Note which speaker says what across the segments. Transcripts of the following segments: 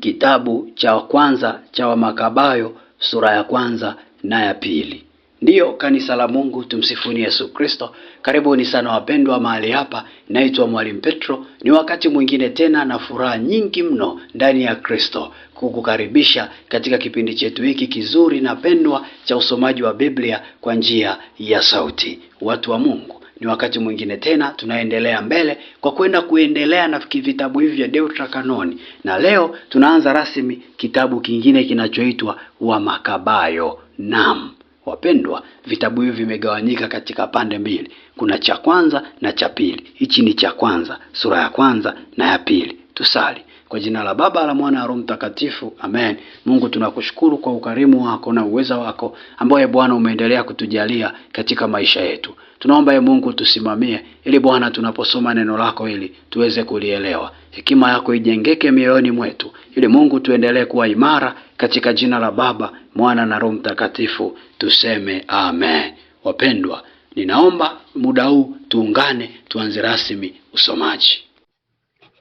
Speaker 1: kitabu cha kwanza cha Wamakabayo sura ya kwanza na ya pili. Ndiyo kanisa la Mungu, tumsifuni Yesu Kristo. Karibuni sana wapendwa mahali hapa. Naitwa Mwalimu Petro. Ni wakati mwingine tena na furaha nyingi mno ndani ya Kristo kukukaribisha katika kipindi chetu hiki kizuri na pendwa cha usomaji wa Biblia kwa njia ya sauti. Watu wa Mungu, ni wakati mwingine tena tunaendelea mbele kwa kwenda kuendelea na vitabu hivi vya Deuterokanoni, na leo tunaanza rasmi kitabu kingine kinachoitwa Makabayo. Naam wapendwa, vitabu hivi vimegawanyika katika pande mbili, kuna cha kwanza na cha pili. Hichi ni cha kwanza, sura ya kwanza na ya pili. Tusali. Kwa jina la Baba la Mwana na Roho Mtakatifu, amen. Mungu tunakushukuru kwa ukarimu wako na uweza wako ambao Bwana umeendelea kutujalia katika maisha yetu. Tunaomba ye Mungu tusimamie, ili Bwana, tunaposoma neno lako hili tuweze kulielewa, hekima yako ijengeke mioyoni mwetu, ili Mungu tuendelee kuwa imara, katika jina la Baba, Mwana na Roho Mtakatifu tuseme amen. Wapendwa, ninaomba muda huu tuungane, tuanze rasmi usomaji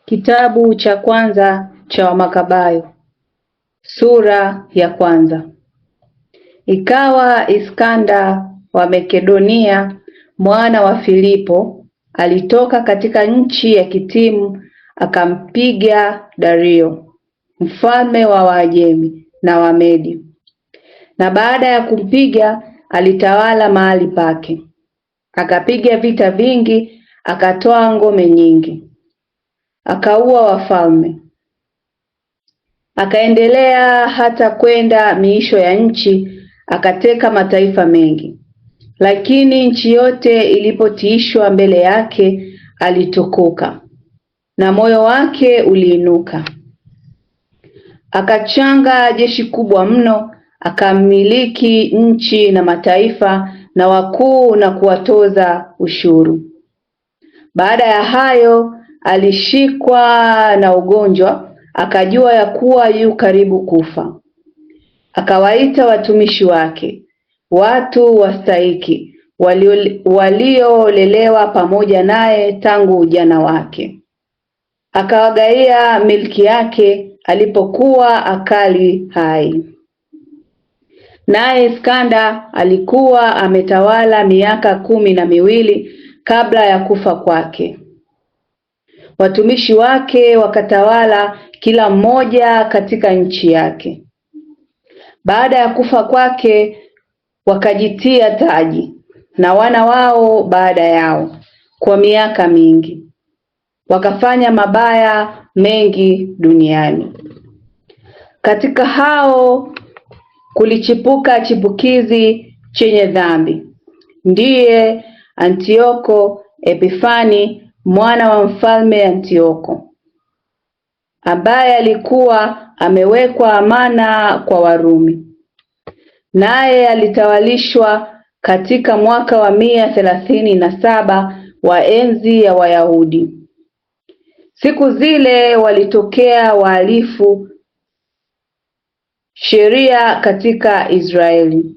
Speaker 2: kitabu cha kwanza cha Wamakabayo sura ya kwanza. Ikawa Iskanda wa Makedonia mwana wa Filipo, alitoka katika nchi ya Kitimu akampiga Dario mfalme wa Waajemi na Wamedi, na baada ya kumpiga alitawala mahali pake. Akapiga vita vingi, akatoa ngome nyingi, akaua wafalme. Akaendelea hata kwenda miisho ya nchi, akateka mataifa mengi. Lakini nchi yote ilipotiishwa mbele yake, alitukuka na moyo wake uliinuka. Akachanga jeshi kubwa mno, akamiliki nchi na mataifa na wakuu na kuwatoza ushuru. Baada ya hayo, alishikwa na ugonjwa, akajua ya kuwa yu karibu kufa. Akawaita watumishi wake watu wastahiki waliolelewa pamoja naye tangu ujana wake. Akawagaia milki yake alipokuwa akali hai. Naye Iskanda alikuwa ametawala miaka kumi na miwili kabla ya kufa kwake. Watumishi wake wakatawala kila mmoja katika nchi yake. Baada ya kufa kwake wakajitia taji na wana wao baada yao kwa miaka mingi, wakafanya mabaya mengi duniani. Katika hao kulichipuka chipukizi chenye dhambi, ndiye Antioko Epifani mwana wa mfalme Antioko, ambaye alikuwa amewekwa amana kwa Warumi naye alitawalishwa katika mwaka wa mia thelathini na saba wa enzi ya Wayahudi. Siku zile walitokea wahalifu sheria katika Israeli,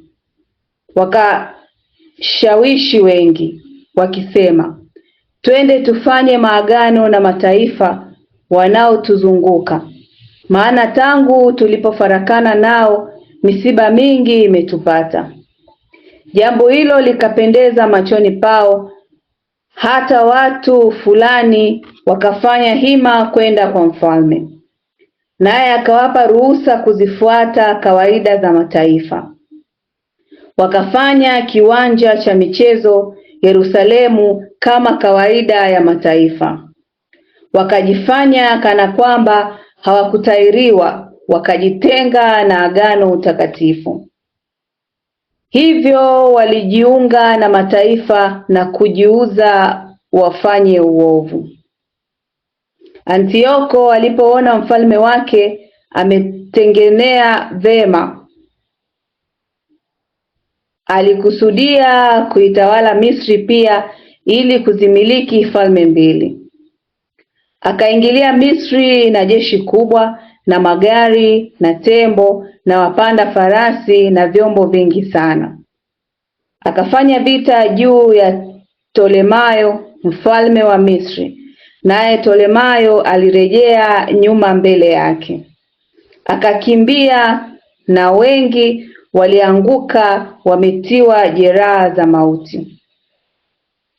Speaker 2: wakashawishi wengi wakisema, twende tufanye maagano na mataifa wanaotuzunguka, maana tangu tulipofarakana nao Misiba mingi imetupata. Jambo hilo likapendeza machoni pao, hata watu fulani wakafanya hima kwenda kwa mfalme, naye akawapa ruhusa kuzifuata kawaida za mataifa. Wakafanya kiwanja cha michezo Yerusalemu kama kawaida ya mataifa, wakajifanya kana kwamba hawakutairiwa wakajitenga na agano takatifu, hivyo walijiunga na mataifa na kujiuza wafanye uovu. Antioko alipoona mfalme wake ametengenea vema, alikusudia kuitawala Misri pia ili kuzimiliki falme mbili. Akaingilia Misri na jeshi kubwa na magari na tembo na wapanda farasi na vyombo vingi sana. Akafanya vita juu ya Tolemayo mfalme wa Misri, naye Tolemayo alirejea nyuma mbele yake, akakimbia na wengi walianguka wametiwa jeraha za mauti.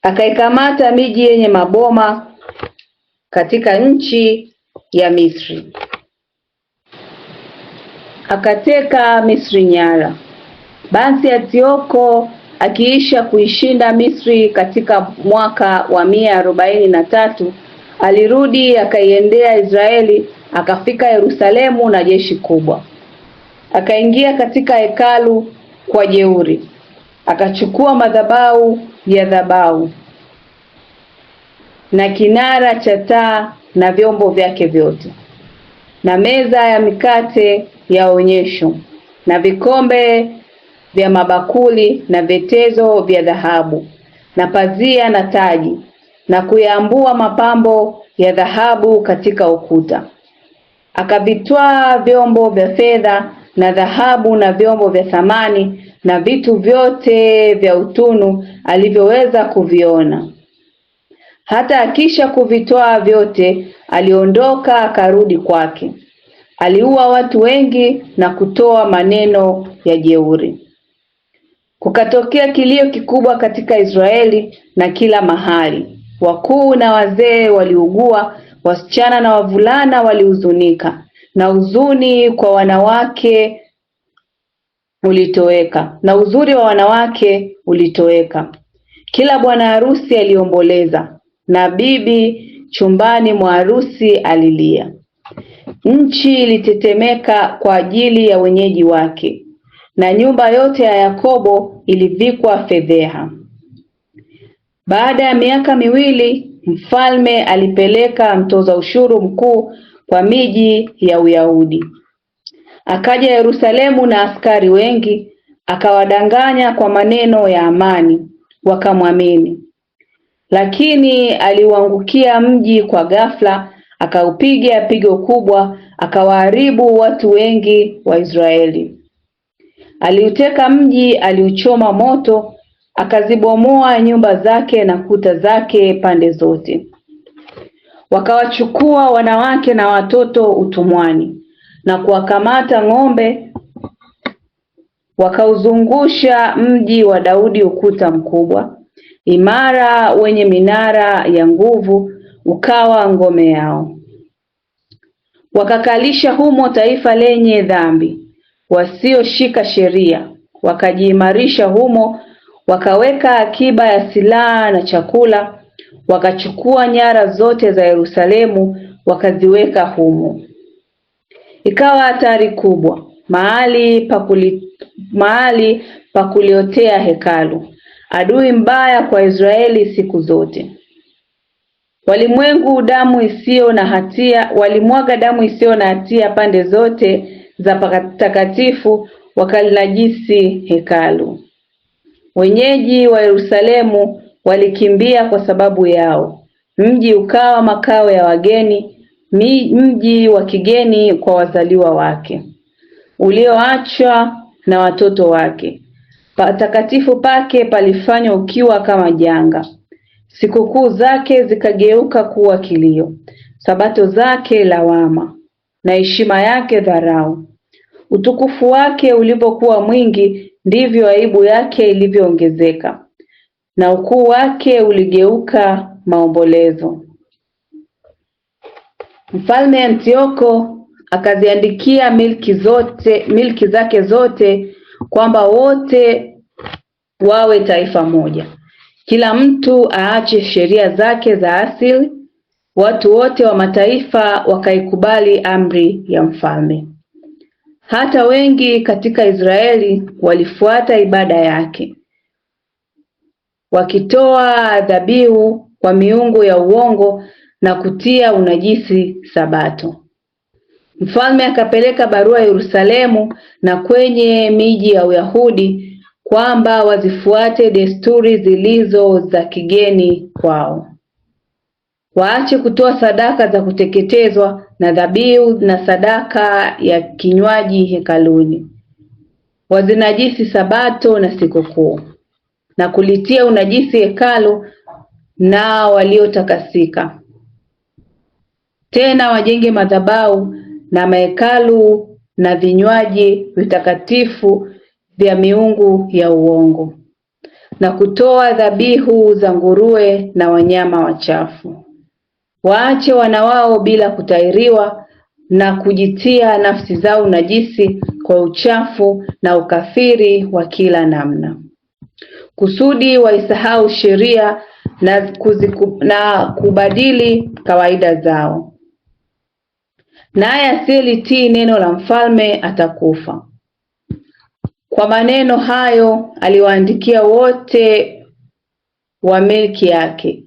Speaker 2: Akaikamata miji yenye maboma katika nchi ya Misri akateka Misri nyara. Basi Antioko akiisha kuishinda Misri katika mwaka wa mia arobaini na tatu alirudi akaiendea Israeli, akafika Yerusalemu na jeshi kubwa, akaingia katika hekalu kwa jeuri, akachukua madhabahu ya dhabahu na kinara cha taa na vyombo vyake vyote na meza ya mikate ya onyesho na vikombe vya mabakuli na vyetezo vya dhahabu na pazia na taji na kuyaambua mapambo ya dhahabu katika ukuta. Akavitwaa vyombo vya fedha na dhahabu na vyombo vya thamani na vitu vyote vya utunu alivyoweza kuviona. Hata akisha kuvitwaa vyote, aliondoka akarudi kwake aliua watu wengi na kutoa maneno ya jeuri. Kukatokea kilio kikubwa katika Israeli na kila mahali. Wakuu na wazee waliugua, wasichana na wavulana walihuzunika, na huzuni kwa wanawake ulitoweka, na uzuri wa wanawake ulitoweka. Kila bwana harusi aliomboleza, na bibi chumbani mwa harusi alilia. Nchi ilitetemeka kwa ajili ya wenyeji wake, na nyumba yote ya Yakobo ilivikwa fedheha. Baada ya miaka miwili, mfalme alipeleka mtoza ushuru mkuu kwa miji ya Uyahudi. Akaja Yerusalemu na askari wengi, akawadanganya kwa maneno ya amani, wakamwamini. Lakini aliuangukia mji kwa ghafla akaupiga pigo kubwa, akawaharibu watu wengi wa Israeli. Aliuteka mji, aliuchoma moto, akazibomoa nyumba zake na kuta zake pande zote. Wakawachukua wanawake na watoto utumwani na kuwakamata ng'ombe, wakauzungusha mji wa Daudi ukuta mkubwa imara wenye minara ya nguvu ukawa ngome yao, wakakalisha humo taifa lenye dhambi, wasioshika sheria, wakajiimarisha humo, wakaweka akiba ya silaha na chakula, wakachukua nyara zote za Yerusalemu wakaziweka humo. Ikawa hatari kubwa mahali pakuli, mahali pa kuliotea hekalu, adui mbaya kwa Israeli siku zote. Walimwengu damu isiyo na hatia walimwaga damu isiyo na hatia pande zote za patakatifu, wakalinajisi hekalu. Wenyeji wa Yerusalemu walikimbia kwa sababu yao, mji ukawa makao ya wageni, mji wa kigeni kwa wazaliwa wake, ulioachwa na watoto wake. Patakatifu pake palifanywa ukiwa kama janga. Sikukuu zake zikageuka kuwa kilio, Sabato zake lawama, na heshima yake dharau. Utukufu wake ulipokuwa mwingi, ndivyo aibu yake ilivyoongezeka, na ukuu wake uligeuka maombolezo. Mfalme Antioko akaziandikia milki zote milki zake zote kwamba wote wawe taifa moja. Kila mtu aache sheria zake za asili, watu wote wa mataifa wakaikubali amri ya mfalme. Hata wengi katika Israeli walifuata ibada yake, wakitoa dhabihu kwa miungu ya uongo na kutia unajisi Sabato. Mfalme akapeleka barua Yerusalemu na kwenye miji ya Uyahudi kwamba wazifuate desturi zilizo za kigeni kwao, waache kutoa sadaka za kuteketezwa na dhabihu na sadaka ya kinywaji hekaluni, wazinajisi Sabato na sikukuu na kulitia unajisi hekalu na waliotakasika. Tena wajenge madhabahu na mahekalu na vinywaji vitakatifu vya miungu ya uongo na kutoa dhabihu za nguruwe na wanyama wachafu. Waache wana wao bila kutahiriwa na kujitia nafsi zao najisi kwa uchafu na ukafiri wa kila namna, kusudi waisahau sheria na, kuziku, na kubadili kawaida zao. Naye asiyelitii neno la mfalme atakufa. Kwa maneno hayo aliwaandikia wote wa milki yake,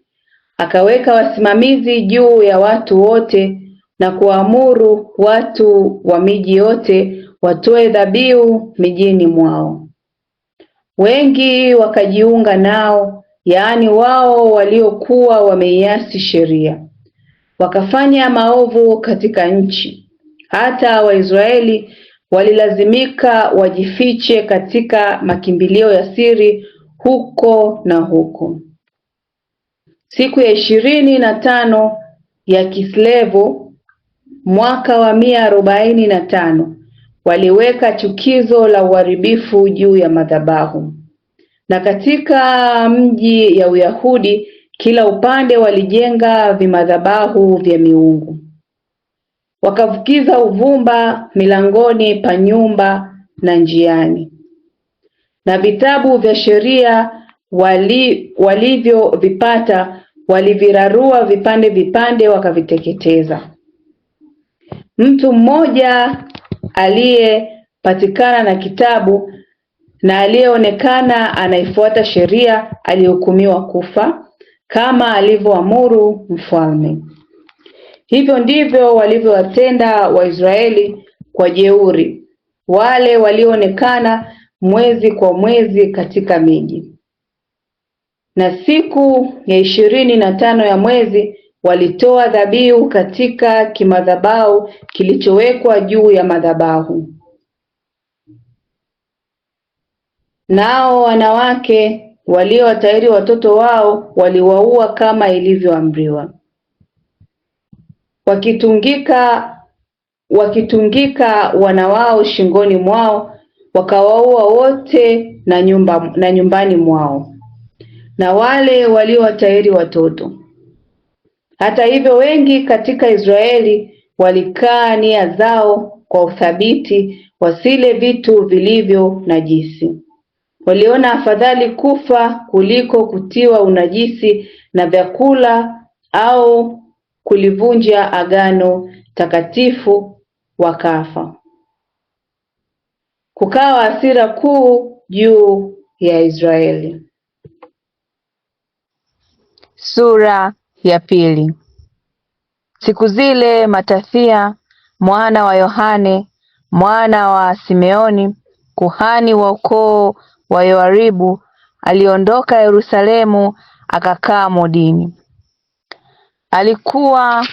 Speaker 2: akaweka wasimamizi juu ya watu wote, na kuwaamuru watu wa miji yote watoe dhabihu mijini mwao. Wengi wakajiunga nao, yaani wao waliokuwa wameiasi sheria, wakafanya maovu katika nchi. Hata Waisraeli Walilazimika wajifiche katika makimbilio ya siri huko na huko. Siku ya ishirini na tano ya Kislevo mwaka wa mia arobaini na tano waliweka chukizo la uharibifu juu ya madhabahu, na katika mji ya Uyahudi kila upande walijenga vimadhabahu vya miungu wakafukiza uvumba milangoni pa nyumba na njiani, na vitabu vya sheria wali walivyovipata walivirarua vipande vipande, wakaviteketeza. Mtu mmoja aliyepatikana na kitabu na aliyeonekana anaifuata sheria alihukumiwa kufa kama alivyoamuru mfalme. Hivyo ndivyo walivyowatenda Waisraeli kwa jeuri wale walioonekana mwezi kwa mwezi katika miji. Na siku ya ishirini na tano ya mwezi walitoa dhabihu katika kimadhabahu kilichowekwa juu ya madhabahu. Nao wanawake waliowatahiri watoto wao waliwaua kama ilivyoamriwa wakitungika wakitungika wana wao shingoni mwao, wakawaua wote na nyumba, na nyumbani mwao na wale waliowatahiri watoto. Hata hivyo, wengi katika Israeli walikaa nia zao kwa uthabiti, wasile vitu vilivyo najisi. Waliona afadhali kufa kuliko kutiwa unajisi na vyakula au kulivunja Agano Takatifu wakafa. Kukawa hasira kuu juu ya Israeli. Sura ya pili. Siku zile Matathia mwana wa Yohane mwana wa Simeoni kuhani wa ukoo wa Yoaribu aliondoka Yerusalemu akakaa Modini Alikuwa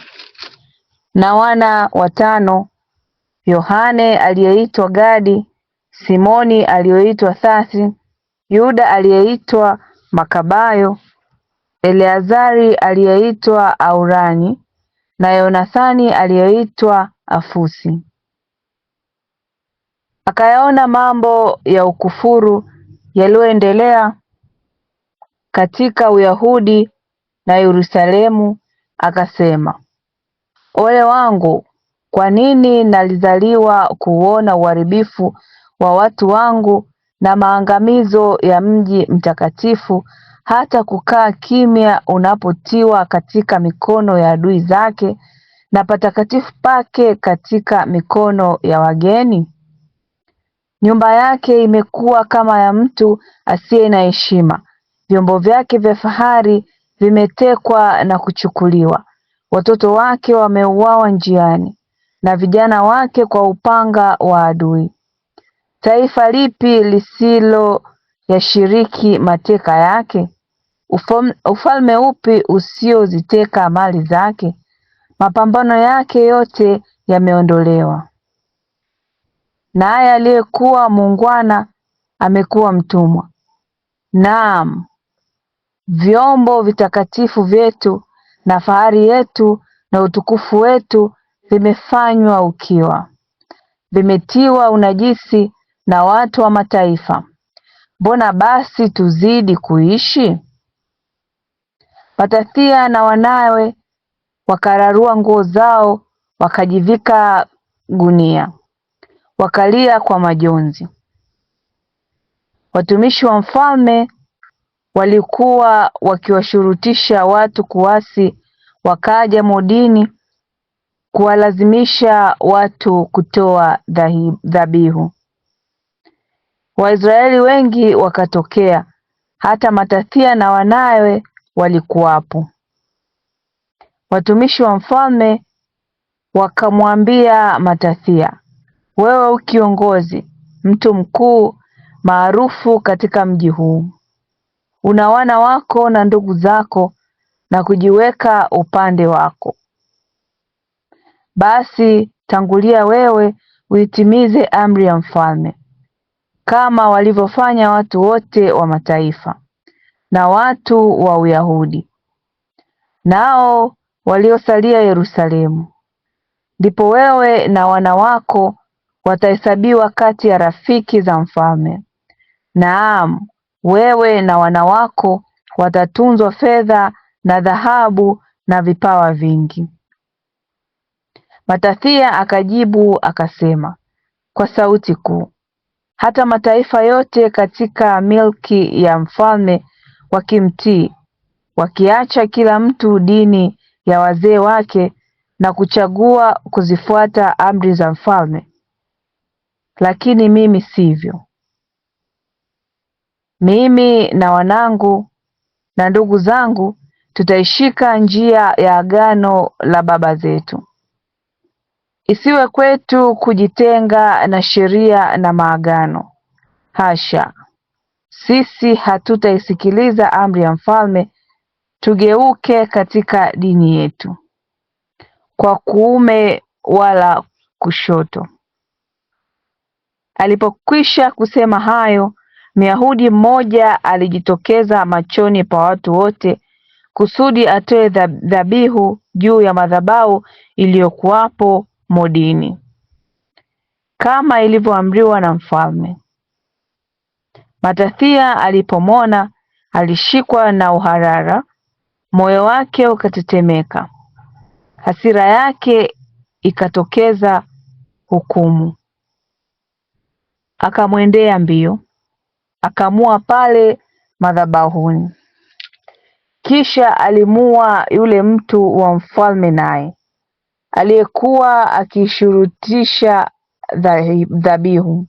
Speaker 2: na wana watano: Yohane aliyeitwa Gadi, Simoni aliyeitwa Thasi, Yuda aliyeitwa Makabayo, Eleazari aliyeitwa Aurani na Yonathani aliyeitwa Afusi. Akayaona mambo ya ukufuru yaliyoendelea katika Uyahudi na Yerusalemu Akasema, ole wangu! Kwa nini nalizaliwa kuuona uharibifu wa watu wangu na maangamizo ya mji mtakatifu, hata kukaa kimya unapotiwa katika mikono ya adui zake, na patakatifu pake katika mikono ya wageni? Nyumba yake imekuwa kama ya mtu asiye na heshima, vyombo vyake vya fahari vimetekwa na kuchukuliwa watoto wake wameuawa njiani na vijana wake kwa upanga wa adui Taifa lipi lisilo yashiriki mateka yake? Ufalme upi usioziteka mali zake? Mapambano yake yote yameondolewa, naye aliyekuwa muungwana amekuwa mtumwa; naam, vyombo vitakatifu vyetu na fahari yetu na utukufu wetu vimefanywa ukiwa, vimetiwa unajisi na watu wa mataifa, mbona basi tuzidi kuishi? Matathia na wanawe wakararua nguo zao, wakajivika gunia, wakalia kwa majonzi. Watumishi wa mfalme walikuwa wakiwashurutisha watu kuasi wakaja modini kuwalazimisha watu kutoa dhabihu Waisraeli wengi wakatokea hata Matathia na wanawe walikuwapo Watumishi wa mfalme wakamwambia Matathia wewe ukiongozi kiongozi mtu mkuu maarufu katika mji huu una wana wako na ndugu zako na kujiweka upande wako, basi tangulia wewe uitimize amri ya mfalme, kama walivyofanya watu wote wa mataifa na watu wa Uyahudi, nao waliosalia Yerusalemu. Ndipo wewe na wana wako watahesabiwa kati ya rafiki za mfalme. Naam, wewe na wana wako watatunzwa fedha na dhahabu na vipawa vingi. Matathia akajibu akasema kwa sauti kuu, hata mataifa yote katika milki ya mfalme wakimtii, wakiacha kila mtu dini ya wazee wake na kuchagua kuzifuata amri za mfalme. Lakini mimi sivyo, mimi na wanangu na ndugu zangu tutaishika njia ya agano la baba zetu isiwe kwetu kujitenga na sheria na maagano hasha sisi hatutaisikiliza amri ya mfalme tugeuke katika dini yetu kwa kuume wala kushoto Alipokwisha kusema hayo Myahudi mmoja alijitokeza machoni pa watu wote kusudi atoe dhabihu juu ya madhabahu iliyokuwapo modini kama ilivyoamriwa na mfalme. Matathia alipomwona alishikwa na uharara, moyo wake ukatetemeka, hasira yake ikatokeza hukumu, akamwendea mbio akamua pale madhabahuni kisha alimua yule mtu wa mfalme naye aliyekuwa akishurutisha dhabihu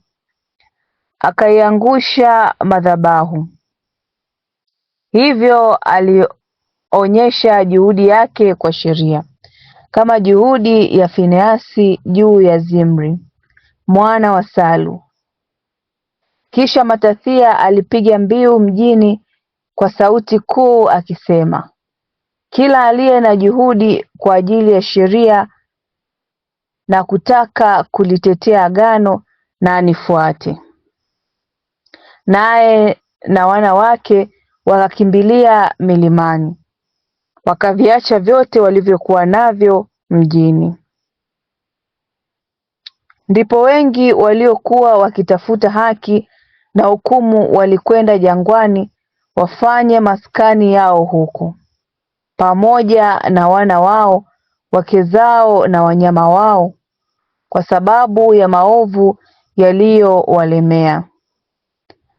Speaker 2: akaiangusha madhabahu hivyo alionyesha juhudi yake kwa sheria kama juhudi ya fineasi juu ya Zimri mwana wa Salu kisha Matathia alipiga mbiu mjini kwa sauti kuu akisema kila aliye na juhudi kwa ajili ya sheria na kutaka kulitetea Agano na anifuate. Naye na wana wake wakakimbilia milimani, wakaviacha vyote walivyokuwa navyo mjini. Ndipo wengi waliokuwa wakitafuta haki na hukumu walikwenda jangwani wafanye maskani yao huko, pamoja na wana wao, wake zao na wanyama wao, kwa sababu ya maovu yaliyowalemea.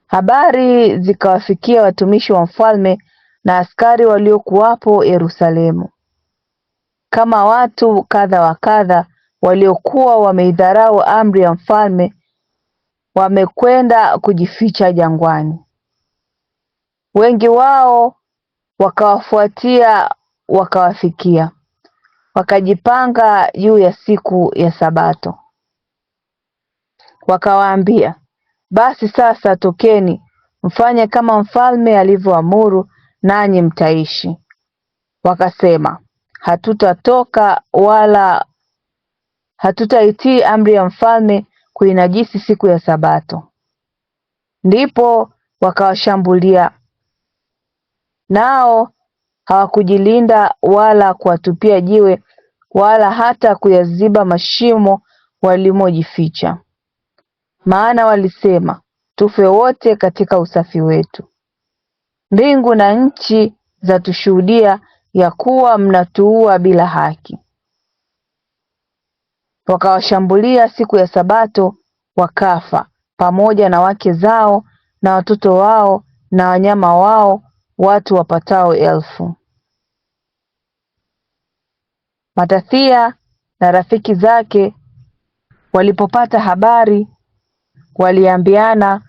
Speaker 2: Habari zikawafikia watumishi wa mfalme na askari waliokuwapo Yerusalemu, kama watu kadha wa kadha waliokuwa wameidharau amri ya mfalme wamekwenda kujificha jangwani wengi wao wakawafuatia wakawafikia wakajipanga juu ya siku ya sabato wakawaambia basi sasa tokeni mfanye kama mfalme alivyoamuru nanyi mtaishi wakasema hatutatoka wala hatutaitii amri ya mfalme kuinajisi siku ya Sabato. Ndipo wakawashambulia, nao hawakujilinda wala kuwatupia jiwe wala hata kuyaziba mashimo walimojificha, maana walisema, tufe wote katika usafi wetu. Mbingu na nchi za tushuhudia ya kuwa mnatuua bila haki wakawashambulia siku ya Sabato wakafa pamoja na wake zao na watoto wao na wanyama wao watu wapatao elfu. Matathia na rafiki zake walipopata habari waliambiana,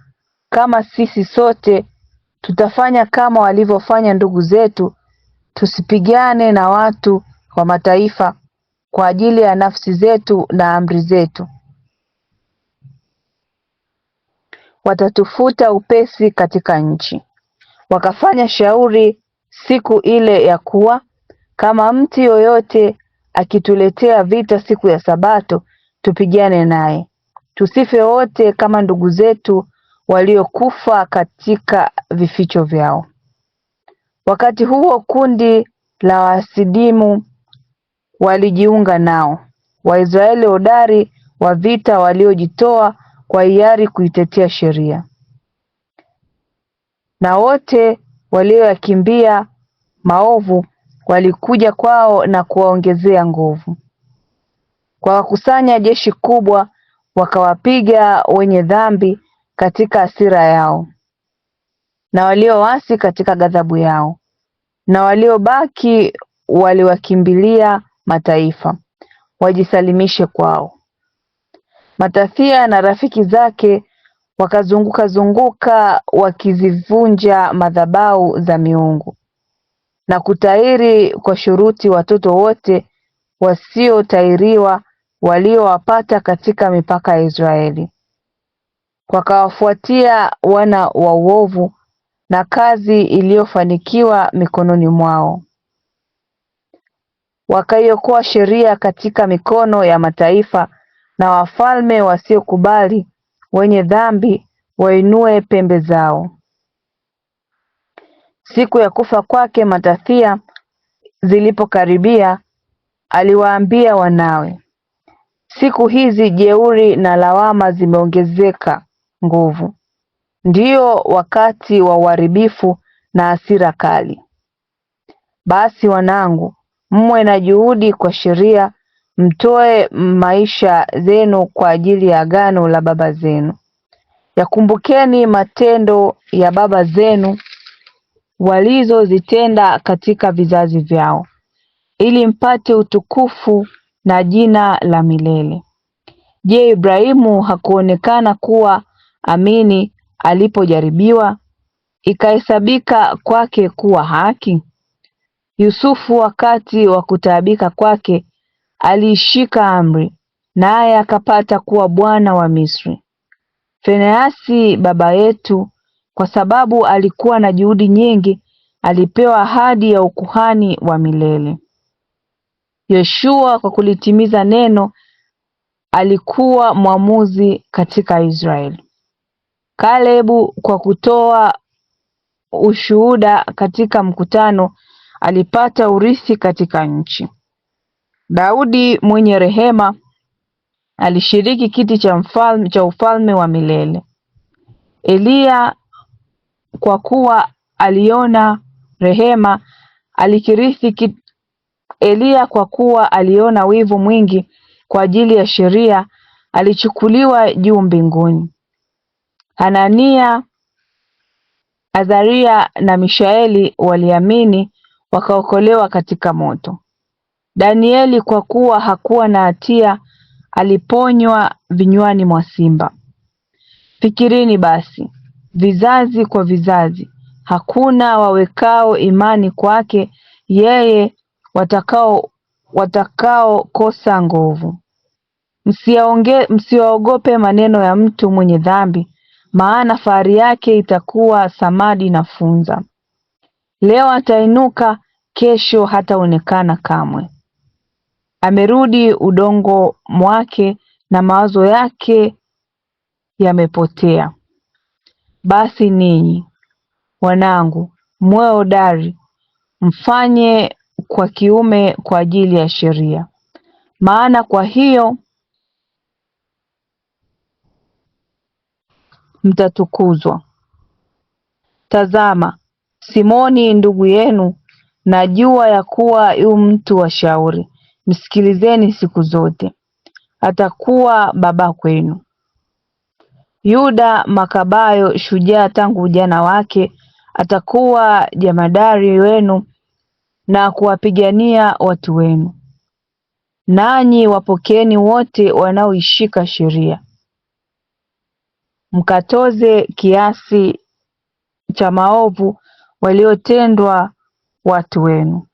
Speaker 2: kama sisi sote tutafanya kama walivyofanya ndugu zetu, tusipigane na watu wa mataifa kwa ajili ya nafsi zetu na amri zetu, watatufuta upesi katika nchi. Wakafanya shauri siku ile ya kuwa, kama mtu yoyote akituletea vita siku ya Sabato, tupigane naye, tusife wote kama ndugu zetu waliokufa katika vificho vyao. Wakati huo kundi la Wasidimu walijiunga nao Waisraeli hodari wa vita waliojitoa kwa hiari kuitetea sheria na wote walioyakimbia maovu walikuja kwao na kuwaongezea nguvu. kwa Wakakusanya jeshi kubwa, wakawapiga wenye dhambi katika hasira yao, na walioasi katika ghadhabu yao, na waliobaki waliwakimbilia mataifa wajisalimishe kwao. Matathia na rafiki zake wakazungukazunguka wakizivunja madhabahu za miungu na kutairi kwa shuruti watoto wote wasiotairiwa waliowapata katika mipaka ya Israeli. Wakawafuatia wana wa uovu na kazi iliyofanikiwa mikononi mwao wakaiokoa sheria katika mikono ya mataifa na wafalme wasiokubali wenye dhambi wainue pembe zao. Siku ya kufa kwake Matathia zilipokaribia, aliwaambia wanawe, siku hizi jeuri na lawama zimeongezeka nguvu, ndio wakati wa uharibifu na hasira kali. Basi wanangu, Mwe na juhudi kwa sheria mtoe maisha zenu kwa ajili ya agano la baba zenu. Yakumbukeni matendo ya baba zenu walizozitenda katika vizazi vyao, ili mpate utukufu na jina la milele. Je, Ibrahimu hakuonekana kuwa amini alipojaribiwa, ikahesabika kwake kuwa haki? Yusufu wakati wa kutaabika kwake aliishika amri naye akapata kuwa bwana wa Misri feneasi baba yetu kwa sababu alikuwa na juhudi nyingi alipewa ahadi ya ukuhani wa milele. Yoshua kwa kulitimiza neno alikuwa mwamuzi katika Israeli. Kalebu kwa kutoa ushuhuda katika mkutano alipata urithi katika nchi Daudi mwenye rehema alishiriki kiti cha ufalme wa milele Eliya kwa kuwa aliona rehema alikirithi ki... Eliya kwa kuwa aliona wivu mwingi kwa ajili ya sheria alichukuliwa juu mbinguni. Hanania, Azaria na Mishaeli waliamini wakaokolewa katika moto. Danieli kwa kuwa hakuwa na hatia aliponywa vinywani mwa simba. Fikirini basi, vizazi kwa vizazi, hakuna wawekao imani kwake yeye watakao watakaokosa nguvu. Msiaonge msiwaogope maneno ya mtu mwenye dhambi, maana fahari yake itakuwa samadi na funza. Leo atainuka kesho hataonekana kamwe. Amerudi udongo mwake na mawazo yake yamepotea. Basi ninyi wanangu, mwe hodari, mfanye kwa kiume kwa ajili ya sheria, maana kwa hiyo mtatukuzwa. Tazama, Simoni ndugu yenu Najua ya kuwa yu mtu wa shauri, msikilizeni siku zote, atakuwa baba kwenu. Yuda Makabayo shujaa tangu ujana wake, atakuwa jamadari wenu na kuwapigania watu wenu. Nanyi wapokeeni wote wanaoishika sheria, mkatoze kiasi cha maovu waliotendwa watu wenu,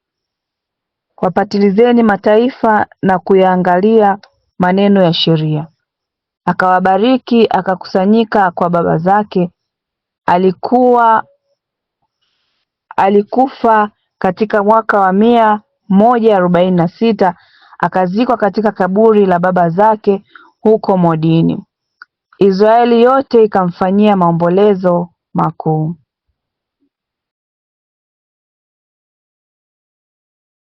Speaker 2: wapatilizeni mataifa na kuyaangalia maneno ya sheria. Akawabariki, akakusanyika kwa baba zake, alikuwa alikufa katika mwaka wa mia moja arobaini na sita akazikwa katika kaburi la baba zake huko Modini. Israeli yote ikamfanyia maombolezo makuu.